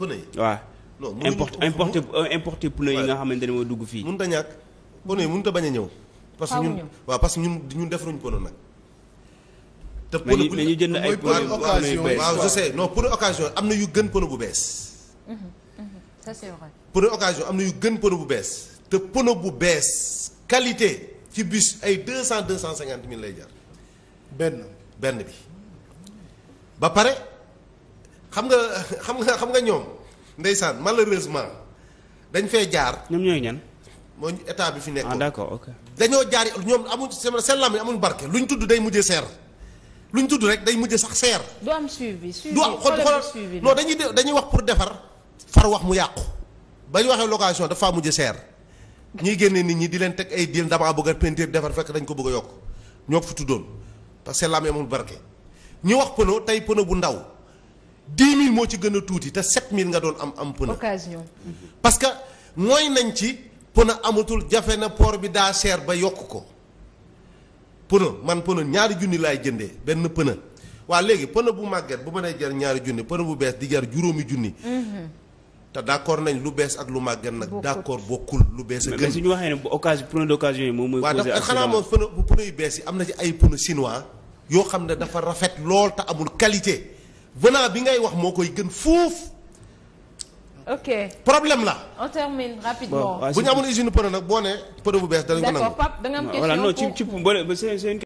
pneu yi. waaw non importé importé importé pneu yi nga xamante ne moo dugg fii. mënut a ñàkk pneu yi mënut a bañ a ñëw. parce que ñun waaw parce que ñun ñun defaruñ ko noonu nag. te pneu bu jënd ay pneu occasion waaw je sais non pneu am na yu gën pneu bu bees. Mhm, mhm. ça c'est vrai. pneu occasion am na yu gën pneu bu bees te pneu bu bees qualité ci bus ay deux cent deux cent cinquante mille lay jar. benn benn bi ba pare. xam nga xam nga xam nga ñoom ndeysaan malheureusement dañ fee jaar. ñoom ñooy ñan. mooy état bi fi nekk. ah d'accord ok. dañoo jaar ñoom amuñ seen lam yi amuñ barke luñ tudd day mujjee seer luñ tudd rek day mujjee sax seer. du am suivi suivi du am xool xool non dañuy wax pour defar far wax mu yàqu ba ñu waxee location dafa mujjee seer ñiy génne nit ñi di leen teg ay diil damaa bëgg a peinture defar fekk dañ ko bëgg a yokk ñoo ko fi tuddoon parce que seen lam yi amul barke. ñu wax pëno tey pëno bu ndaw. moo ci gën a tuuti te 7000 nga doon am am pneu. occasion. parce que mooy nañ ci pneu amatul jafe na port bi daa seer ba yokk ko pneu man pneu ñaari junni laay jëndee benn pneu waa léegi pneu bu màgget bu mënee jar ñaari junni pneu bu bees di jar juróomi junni. Mhm. te d'accord nañ lu bees ak lu màgget nag. d'accord bokkul lu bees a. gën mais suñu waxee ne bu occasion yi moom mooy. posé ak xanaa moom pneu pneu yu bees yi am na ci ay pneu chinois yoo xam ne dafa rafet lool te amul qualité. venant bi ngay wax moo koy gën fuuf. ok problème la. on termine rapidement. bu ñu amoon usine pënë nag boo nee pënë bu bees danañ da nga am question. voilà non ci ci